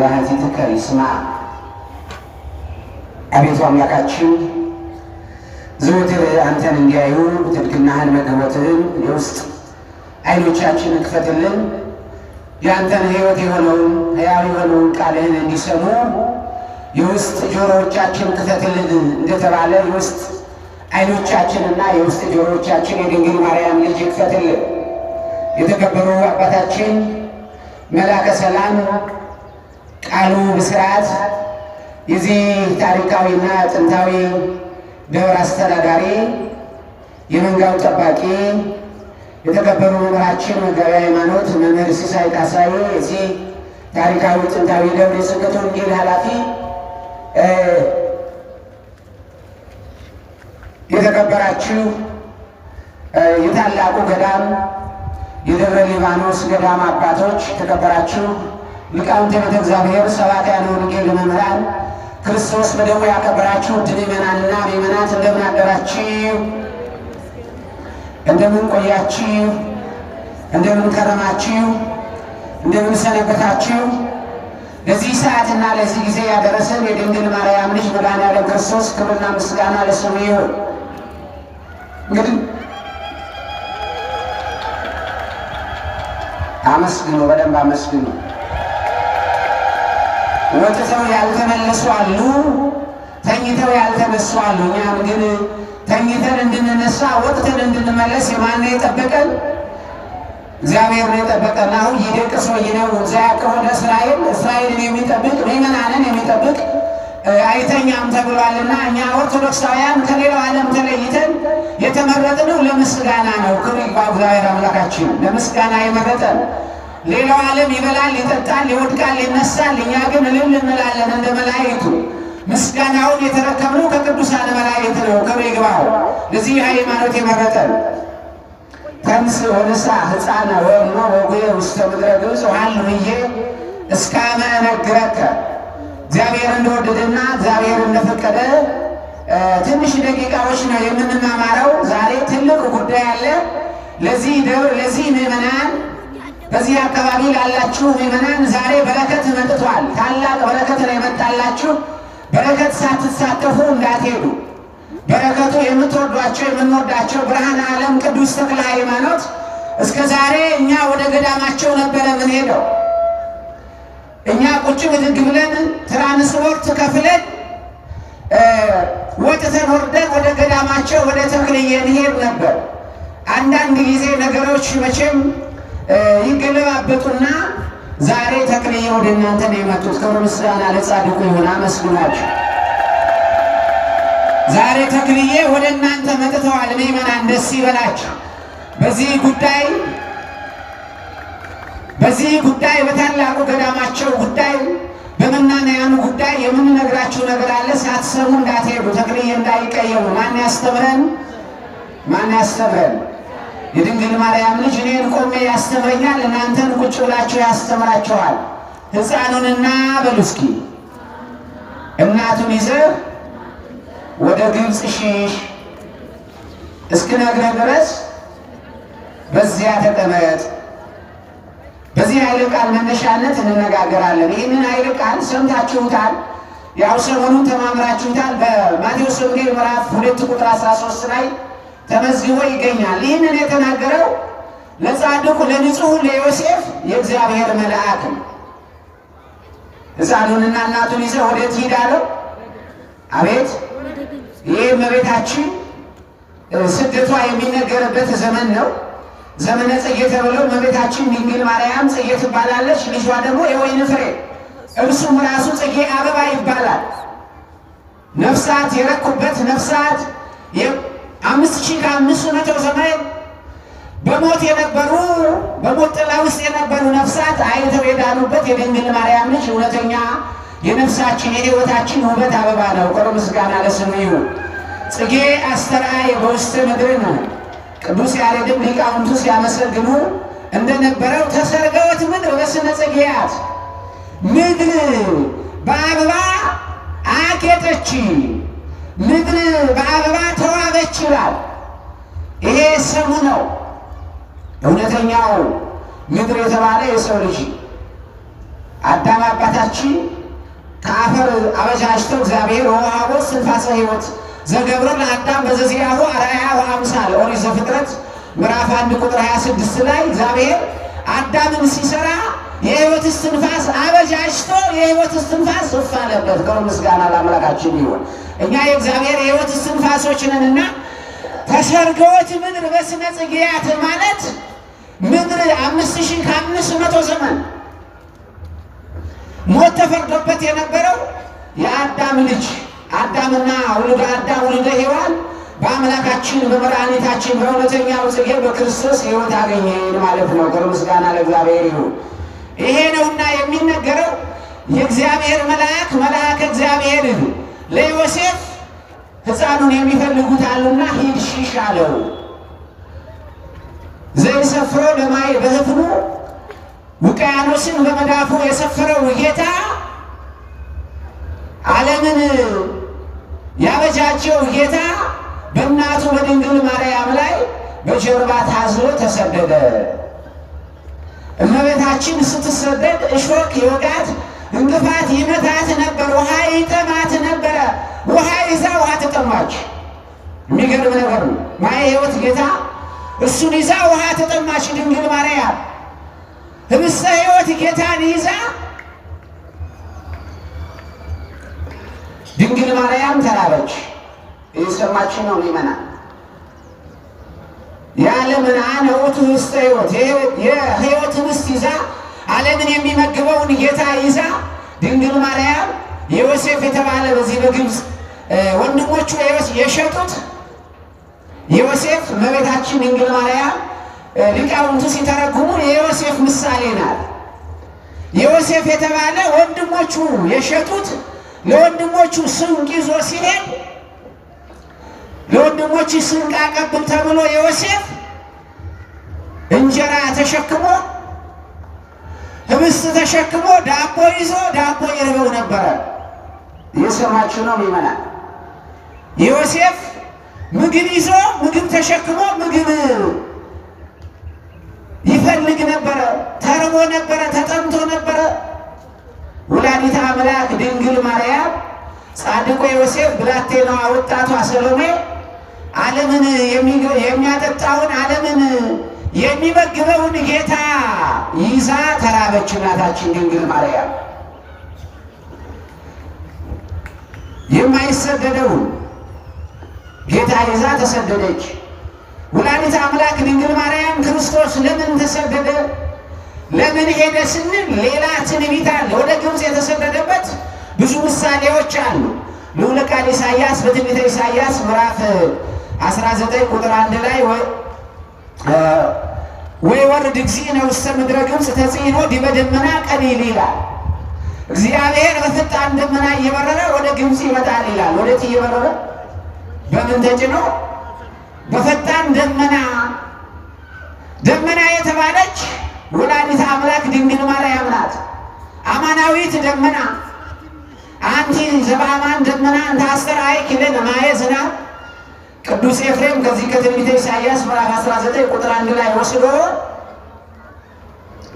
ለሀቲትከ ይስማ አቤቱ አምላካችን ዘወትር አንተን እንዲያዩ ትድግናህን መግቦትህን የውስጥ አይኖቻችን እንክፈትልን። የአንተን ህይወት የሆነውን ሕያው የሆነውን ቃልህን እንዲሰሙ የውስጥ ጆሮዎቻችን ክፈትልን እንደተባለ የውስጥ አይኖቻችንና የውስጥ ጆሮዎቻችን የድንግል ማርያም ልጅ ክፈትልን። የተከበሩ አባታችን መላከ ሰላም ቃሉ ብስርዓት የዚህ ታሪካዊና ጥንታዊ ደብር አስተዳዳሪ የመንጋው ጠባቂ የተከበሩ መምህራችን መጋቢ ሃይማኖት መምህር ሲሳይ ካሳዬ የዚህ ታሪካዊ ጥንታዊ ደብር የስብከተ ወንጌል ኃላፊ የተከበራችሁ የታላቁ ገዳም የደብረ ሊባኖስ ገዳም አባቶች የተከበራችሁ ሊቃውንተ ቤተ እግዚአብሔር፣ ሰባክያነ ወንጌል፣ መምህራን ክርስቶስ በደሙ ያከበራችሁ ውድ ይመናልና ሚመናት እንደምን አደራችሁ? እንደምን ቆያችሁ? እንደምን ከረማችሁ? እንደምን ሰነበታችሁ? ለዚህ ሰዓትና ለዚህ ጊዜ ያደረሰን የድንግል ማርያም ልጅ መድኃኔዓለም ክርስቶስ ክብርና ምስጋና ለስሙ ይሁን። እንግዲህ አመስግኑ፣ በደንብ አመስግኑ። ወጥተው ያልተመለሱ አሉ፣ ተኝተው ያልተነሱ አሉ። እኛም ግን ተኝተን እንድንነሳ ወጥተን እንድንመለስ የማን ነው የጠበቀን? እግዚአብሔር ነው የጠበቀን። አሁን ይደቅሶ ይነውር ዘያዕቆብ ለእስራኤል እስራኤልን የሚጠብቅ ምእመናንን የሚጠብቅ አይተኛም ተብሏልና እኛ ኦርቶዶክሳውያን ከሌላው ዓለም ተለይተን የተመረጥነው ለምስጋና ነው። ክብር ይግባው እግዚአብሔር አምላካችን ለምስጋና የመረጠን ሌላው ዓለም ይበላል፣ ይጠጣል፣ ይወድቃል፣ ይነሳል። እኛ ግን እልል እንላለን እንደ መላእክቱ። ምስጋናውን የተረከብነው ከቅዱሳን መላእክት ነው። ክብር ይግባው ለዚህ ሃይማኖት የመረጠን ተንሥእ ወንሳ ሕፃነ ወእምኖ ሞጉየ ውስተ ምድረ ግብፅ ወሀልየ እስካመ እነግረከ። እግዚአብሔር እንደወደደና እግዚአብሔር እንደፈቀደ ትንሽ ደቂቃዎች ነው የምንማማረው። ዛሬ ትልቅ ጉዳይ አለ። ለዚህ ደብር ለዚህ ምእመናን በዚህ አካባቢ ላላችሁ ምእመናን ዛሬ በረከት መጥቷል። ታላቅ በረከት ነው የመጣላችሁ። በረከት ሳትሳተፉ እንዳትሄዱ። በረከቱ የምትወዷቸው የምንወዳቸው ብርሃን ዓለም ቅዱስ ተክለ ሃይማኖት እስከ ዛሬ እኛ ወደ ገዳማቸው ነበረ ምን ሄደው እኛ ቁጭ ብድግ ብለን ትራንስፖርት ከፍለን ወጥተን ወርደን ወደ ገዳማቸው ወደ ተክልዬ እንሄድ ነበር። አንዳንድ ጊዜ ነገሮች መቼም ይገለባበጡና ዛሬ ተክልዬ ወደ እናንተ ነው የመጡት። ክብር ምስጋና ለጻድቁ ይሁን፣ አመስግኗቸው። ዛሬ ተክልዬ ወደ እናንተ መጥተዋል። ምእመናን ደስ ይበላችሁ። በዚህ ጉዳይ በዚህ ጉዳይ በታላቁ ገዳማቸው ጉዳይ በመናንያኑ ጉዳይ የምንነግራችሁ ነገር አለ። ሳትሰሙ እንዳትሄዱ። ተክልዬ እንዳይቀየሙ። ማን ያስተምረን? ማን ያስተምረን? የድንግል ማርያም ልጅ እኔን ቆሜ ያስተምረኛል፣ እናንተን ቁጭ ብላችሁ ያስተምራችኋል። ሕፃኑንና በሉ እስኪ እናቱን ይዘህ ወደ ግብፅ ሽሽ እስክነግረህ ድረስ በዚያ ተጠመጥ። በዚህ ኃይለ ቃል መነሻነት እንነጋገራለን። ይህንን ኃይለ ቃል ሰምታችሁታል፣ ያው ሰሞኑን ተማምራችሁታል። በማቴዎስ ወንጌል ምዕራፍ ሁለት ቁጥር 13 ላይ ተመዝግቦ ይገኛል። ይህንን የተናገረው ለጻድቁ ለንጹሕ ለዮሴፍ የእግዚአብሔር መልአክ ነው። ሕፃኑንና እናቱን ይዘ ወዴት ትሄዳለህ? አቤት ይህ መቤታችን ስደቷ የሚነገርበት ዘመን ነው። ዘመነ ጽጌ ተብሎ መቤታችን ድንግል ማርያም ጽጌ ትባላለች። ልጇ ደግሞ የወይን ፍሬ እርሱም ራሱ ጽጌ አበባ ይባላል። ነፍሳት የረኩበት ነፍሳት አምስት ሺህ ከአምስቱ መቶ ዘመን በሞት የነበሩ በሞት ጥላ ውስጥ የነበሩ ነፍሳት አይተው የዳኑበት የድንግል ማርያም ልጅ እውነተኛ የነፍሳችን የሕይወታችን ውበት አበባ ነው። ቆሮ ምስጋና ለስሙ ይሁን። ጽጌ አስተርአየ በውስተ ምድር ነው። ቅዱስ ያሬድም ሊቃውንቱ ሲያመሰግኑ እንደነበረው ተሰርገወት ምድር በስነ ጽጌያት ምድር በአበባ አጌጠች። ምድር በአበባ ተዋበች ይላል። ይሄ ስሙ ነው። እውነተኛው ምድር የተባለ የሰው ልጅ አዳም አባታችን ከአፈር አበጃጅቶ እግዚአብሔር ወሃቦ ስንፋሰ ሕይወት ዘገብሮ ለአዳም በዘዚያሁ አርአያ ወአምሳለ ኦሪት ዘፍጥረት ምዕራፍ አንድ ቁጥር 26 ላይ እግዚአብሔር አዳምን ሲሰራ የህይወት እስትንፋስ አበጃጅቶ የህይወት እስትንፋስ እፍ አለበት። ክብር ምስጋና ለአምላካችን ይሁን። እኛ የእግዚአብሔር የህይወት እስትንፋሶች ነንና ተሰርገወት ምድር በስነ ጽጌያት ማለት ምድር አምስት ሺህ ከአምስት መቶ ዘመን ሞት ተፈርዶበት የነበረው የአዳም ልጅ አዳምና ውልደ አዳም ውልደ ሔዋን በአምላካችን በመድኃኒታችን በእውነተኛው ጽጌ በክርስቶስ ህይወት አገኘን ማለት ነው። ክብር ምስጋና ለእግዚአብሔር ይሁን። ይሄ ነውና የሚነገረው የእግዚአብሔር መልአክ መልአክ እግዚአብሔር ለዮሴፍ ሕፃኑን የሚፈልጉት አሉና ሂድ ሽሽ አለው። ዘይሰፍሮ ለማይ በህፍኑ ውቅያኖስን በመዳፉ የሰፈረው ጌታ ዓለምን ያበጃጀው ጌታ በእናቱ በድንግል ማርያም ላይ በጀርባ ታዝሎ ተሰደደ። እመቤታችን ስትሰደድ እሾክ ይወጋት፣ እንቅፋት ይመታት ነበር። ውሃ ይጠማት ነበረ። ውሃ ይዛ ውሃ ተጠማች። የሚገርም ነገር ነው። ማየ ሕይወት ጌታ እሱን ይዛ ውሃ ተጠማች። ድንግል ማርያም ህብስተ ሕይወት ጌታን ይዛ ድንግል ማርያም ተራበች። እየሰማችን ነው ይመናል የዓለምን አንውት ውስጥ ህይወት የህይወትን ውስጥ ይዛ ዓለምን የሚመግበውን ጌታ ይዛ ድንግል ማርያም የዮሴፍ የተባለ በዚህ በግብፅ ወንድሞቹ የሸጡት ዮሴፍ እመቤታችን ድንግል ማርያም ሊቃውንቱ ሲተረጉሙ የዮሴፍ ምሳሌ ናት። ዮሴፍ የተባለ ወንድሞቹ የሸጡት ለወንድሞቹ ስንቅ ይዞ ሲሄድ ለወንድሞች ስንቅ አቀብል ተብሎ ዮሴፍ እንጀራ ተሸክሞ ህብስት ተሸክሞ ዳቦ ይዞ ዳቦ ይርበው ነበረ። የሰማችሁ ነው ይመናል። ዮሴፍ ምግብ ይዞ ምግብ ተሸክሞ ምግብ ይፈልግ ነበረ። ተርቦ ነበረ፣ ተጠምቶ ነበረ። ወላዲተ አምላክ ድንግል ማርያም ጻድቆ ዮሴፍ ብላቴናዋ ወጣቷ ሰሎሜ ዓለምን የሚያጠጣውን ዓለምን የሚመግበውን ጌታ ይዛ ተራበች እናታችን ድንግል ማርያም። የማይሰደደውን ጌታ ይዛ ተሰደደች። ወላዲተ አምላክ ድንግል ማርያም ክርስቶስ ለምን ተሰደደ? ለምን ሄደ ስንል ሌላ ትንቢት አለ። ወደ ግብፅ የተሰደደበት ብዙ ምሳሌዎች አሉ። ልዑል ቃል ኢሳያስ በትንቢተ ኢሳያስ ምዕራፍ 19 ቁጥር አንድ ላይ ወይ ወርድ እግዚእነ ውስተ ምድረ ግብፅ ተጽዕኖ ዲበ ደመና ቀሊል ይላል። እግዚአብሔር በፈጣን ደመና እየበረረ ወደ ግብፅ ይመጣል ይላል። ወደት እየበረረ በምን ተጭኖ? በፈጣን ደመና። ደመና የተባለች ወላዲተ አምላክ ድንግል ማርያም ናት። አማናዊት ደመና አንቲ ዘበአማን ደመና እንተ አስተርአይኪ ማየ ዝናብ ቅዱስ ኤፍሬም ከዚህ ከትንቢተ ኢሳያስ ምዕራፍ 19 ቁጥር አንድ ላይ ወስዶ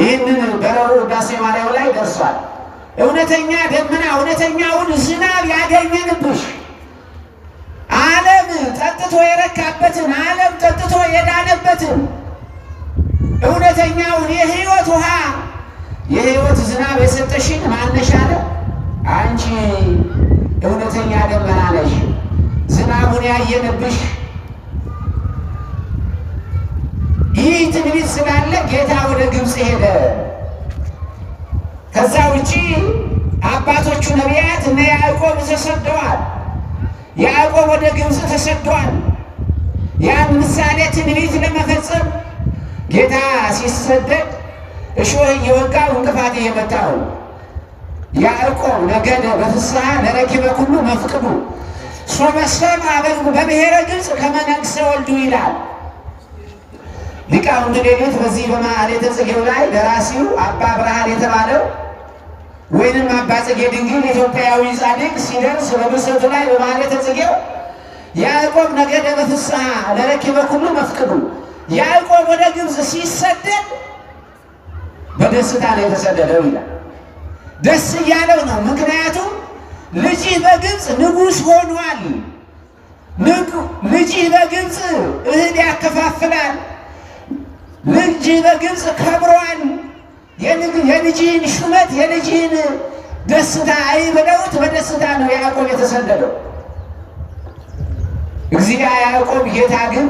ይህንን በረቡዕ ውዳሴ ማርያም ላይ ደርሷል። እውነተኛ ደመና እውነተኛውን ዝናብ ያገኘንብሽ ዓለም ጠጥቶ የረካበትን ዓለም ጠጥቶ የዳነበትን እውነተኛውን የህይወት ውሃ የህይወት ዝናብ የሰጠሽን ማነሻለ አንቺ እውነተኛ ደመና ነሽ። ዝናቡን ያየንብሽ ይህ ትንቢት ስላለ ጌታ ወደ ግብፅ ሄደ። ከዛ ውጪ አባቶቹ ነቢያት እነ ያዕቆብ ተሰደዋል። ያዕቆብ ወደ ግብፅ ተሰደዋል። ያን ምሳሌ ትንቢት ለመፈጸም ጌታ ሲሰደድ እሾህ እየወጋው እንቅፋት እየመታው ያዕቆብ ነገደ በፍስሐ ለረኪበ ኩሉ መፍቅዱ ሶበሰብ አበዝኩ በብሔረ ግብፅ ከመነግሰ ወልዱ ይላል ሊቃውንት በዚህ በማዕሌተ ጽጌው ላይ ደራሲው አባ ብርሃን የተባለው ወይንም አባ ጽጌ ድንግል ኢትዮጵያዊ ጻድቅ ሲደርስ በምስቱ ላይ በማዕሌተ ጽጌው ያዕቆብ ነገደ በፍስሐ ለረኪበ ኩሉ መፍቅዱ ያዕቆብ ወደ ግብፅ ሲሰደድ በደስታ ነው የተሰደደው ይላል። ደስ እያለው ነው ምክንያቱም ልጅህ በግብፅ ንጉሥ ሆኗል። ልጅህ በግብፅ እህል ያከፋፍላል። ልጅህ በግብፅ ከብሯል የልጅህን ሹመት የልጅህን ደስታ አይብለውት በደስታ ነው ያዕቆብ የተሰደደው። እግዚአ ያዕቆብ ጌታ ግን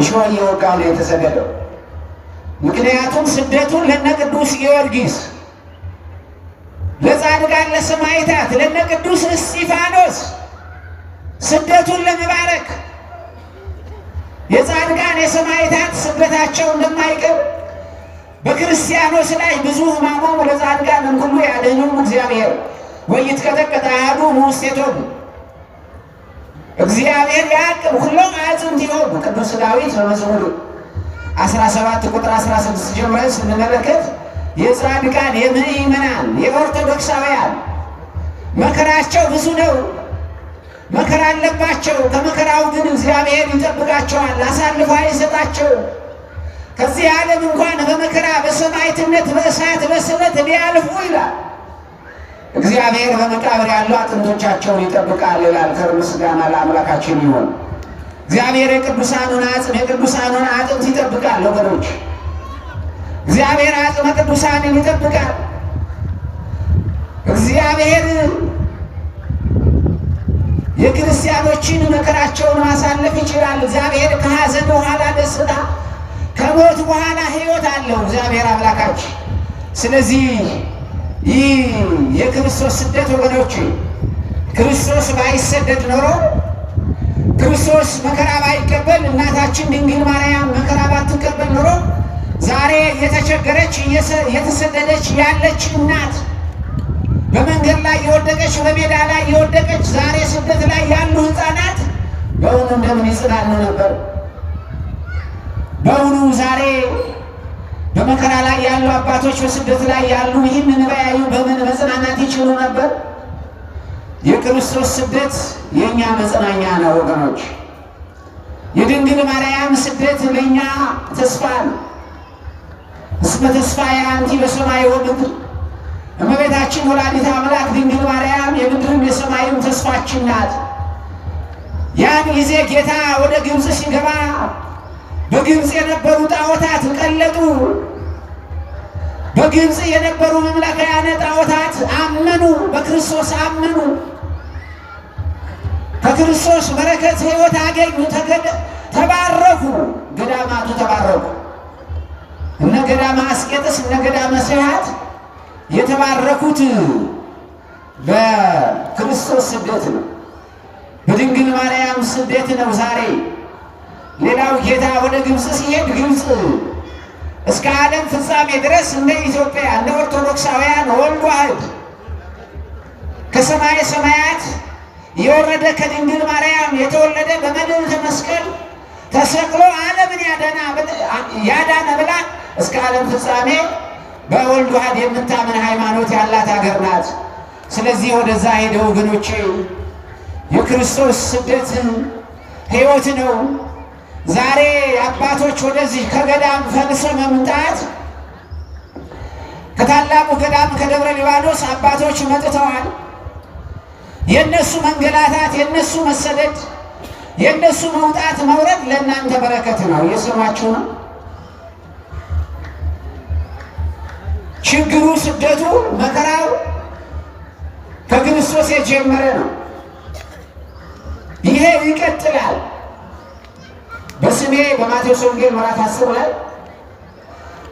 እሾህ እየወጋ ነው የተሰደደው። ምክንያቱም ስደቱን ለነ ቅዱስ ጊዮርጊስ ለጻድቃን ለሰማዕታት ለነ ቅዱስ እስጢፋኖስ ስደቱን ለመባረክ የጻድቃን የሰማዕታት ስደታቸው እንደማይቀር በክርስቲያኖች ላይ ብዙ ሕማሞም ለጻድቃን እምኩሉ ያደኙም እግዚአብሔር ወይትቀጠቀጥ አሐዱ ውስቴቶሙ እግዚአብሔር ያቅብ ሁሎም አጽንት ይሆን ቅዱስ ዳዊት በመዝሙር 17 ቁጥር 16 ጀምረን ስንመለከት የጻድቃን የምእመናን የኦርቶዶክሳውያን መከራቸው ብዙ ነው። መከራ አለባቸው። ከመከራው ግን እግዚአብሔር ይጠብቃቸዋል፣ አሳልፎ አይሰጣቸው። ከዚህ ዓለም እንኳን በመከራ በሰማዕትነት በእሳት በስለት ሊያልፉ ይላል። እግዚአብሔር በመቃብር ያሉ አጥንቶቻቸውን ይጠብቃል ይላል። ክብር ምስጋና ለአምላካችን ይሁን። እግዚአብሔር የቅዱሳኑን አጽም የቅዱሳኑን አጥንት ይጠብቃል ወገኖች እግዚአብሔር አጽመ ቅዱሳንን ይጠብቃል። እግዚአብሔር የክርስቲያኖችን መከራቸውን ማሳለፍ ይችላል። እግዚአብሔር ከሐዘን በኋላ ደስታ፣ ከሞት በኋላ ሕይወት አለው እግዚአብሔር አምላካችን። ስለዚህ ይህ የክርስቶስ ስደት ወገኖች፣ ክርስቶስ ባይሰደድ ኖሮ ክርስቶስ መከራ ባይቀበል፣ እናታችን ድንግል ማርያም መከራ ባትቀበል ኖሮ ዛሬ የተቸገረች የተሰደደች ያለች እናት በመንገድ ላይ የወደቀች በሜዳ ላይ የወደቀች ዛሬ ስደት ላይ ያሉ ሕፃናት በእውኑ እንደምን ይጽናኑ ነበር? በእውኑ ዛሬ በመከራ ላይ ያሉ አባቶች በስደት ላይ ያሉ ይህንን እንባያዩ በምን መጽናናት ይችሉ ነበር? የክርስቶስ ስደት የእኛ መጽናኛ ነው ወገኖች። የድንግል ማርያም ስደት ለእኛ ተስፋ ነው። እስመ ተስፋየ አንቲ በሰማይ ወምድር እመቤታችን ወላዲት አምላክ ድንግል ማርያም የምድርም የሰማይም ተስፋችን ናት። ያን ጊዜ ጌታ ወደ ግብፅ ሲገባ በግብፅ የነበሩ ጣዖታት ቀለጡ። በግብፅ የነበሩ መምለካያነ ጣዖታት አመኑ፣ በክርስቶስ አመኑ። ከክርስቶስ በረከት ሕይወት አገኙ፣ ተባረኩ፣ ገዳማቱ ተባረኩ። እነ ገዳመ አስቄጥስ እነ ገዳመ ስብሐት የተባረኩት በክርስቶስ ስደት ነው፣ በድንግል ማርያም ስደት ነው። ዛሬ ሌላው ጌታ ወደ ግብፅ ሲሄድ ግብፅ እስከ ዓለም ፍጻሜ ድረስ እንደ ኢትዮጵያ እንደ ኦርቶዶክሳውያን ወልድ ዋሕድ ከሰማይ ሰማያት የወረደ ከድንግል ማርያም የተወለደ በመድኃኒተ መስቀል ተሰቅሎ ዓለምን ያዳነ ብላ እስከ ዓለም ፍጻሜ በወልድ ዋህድ የምታምን ሃይማኖት ያላት ሀገር ናት። ስለዚህ ወደዛ ሄደው ወገኖቼ የክርስቶስ ስደት ሕይወት ነው። ዛሬ አባቶች ወደዚህ ከገዳም ፈልሰ መምጣት ከታላቁ ገዳም ከደብረ ሊባኖስ አባቶች መጥተዋል። የእነሱ መንገላታት፣ የእነሱ መሰደድ፣ የእነሱ መውጣት መውረድ ለእናንተ በረከት ነው። የስማችሁ ነው። ችግሩ፣ ስደቱ፣ መከራው ከክርስቶስ የጀመረ ነው። ይሄ ይቀጥላል። በስሜ በማቴዎስ ወንጌል ምዕራፍ አስር ላይ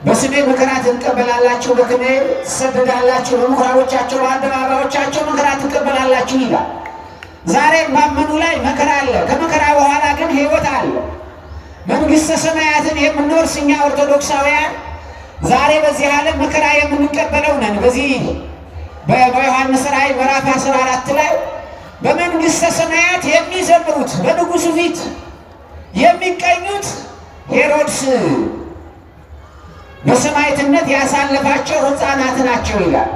በስሜ መከራ ትቀበላላችሁ፣ በስሜ ትሰደዳላችሁ፣ በምኩራቦቻቸው በአደባባዮቻቸው መከራ ትቀበላላችሁ ይላል። ዛሬ ማመኑ ላይ መከራ አለ። ከመከራ በኋላ ግን ሕይወት አለ። መንግሥተ ሰማያትን የምንወርስ እኛ ኦርቶዶክሳውያን ዛሬ በዚህ ዓለም መከራ የምንቀበለው ነን። በዚህ በዮሐንስ ራእይ ምዕራፍ አስራ አራት ላይ በመንግሥተ ሰማያት የሚዘምሩት በንጉሱ ፊት የሚቀኙት ሄሮድስ በሰማዕትነት ያሳለፋቸው ሕፃናት ናቸው ይላል።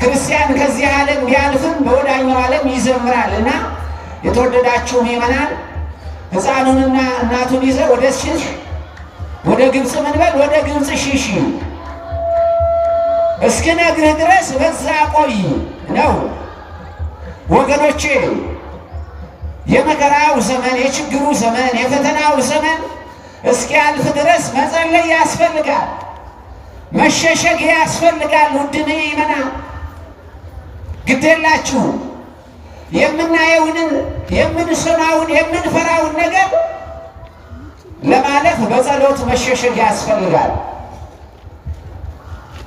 ክርስቲያን ከዚህ ዓለም ቢያልፍም በወዳኛው ዓለም ይዘምራል እና የተወደዳችሁ ምእመናን ሕፃኑንና እናቱን ይዘ ወደ ወደ ግብፅ ምንበል ወደ ግብፅ ሽሽ እስክነግርህ ድረስ በዛ ቆይ ነው። ወገኖቼ የመከራው ዘመን፣ የችግሩ ዘመን፣ የፈተናው ዘመን እስኪያልፍ ድረስ መጸለይ ያስፈልጋል። መሸሸግ ያስፈልጋል። ውድን ይመና ግዴላችሁ የምናየውን የምንሰማውን የምንፈራውን ነገር ለማለፍ በጸሎት መሸሸጊያ ያስፈልጋል።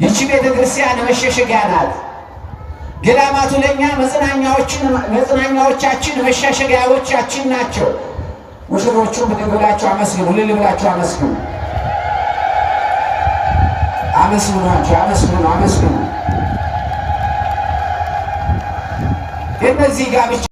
ይቺ ቤተ ክርስቲያን መሸሸጊያ ናት። ገዳማቱ ለእኛ መጽናኛዎቻችን መሸሸጊያዎቻችን ናቸው። ውሽሮቹ ብድግ አመስግኑ፣ እልል ብላችሁ አመስግኑ። አመስግኗቸው፣ አመስግኑ፣ አመስግኑ። የእነዚህ ጋብቻ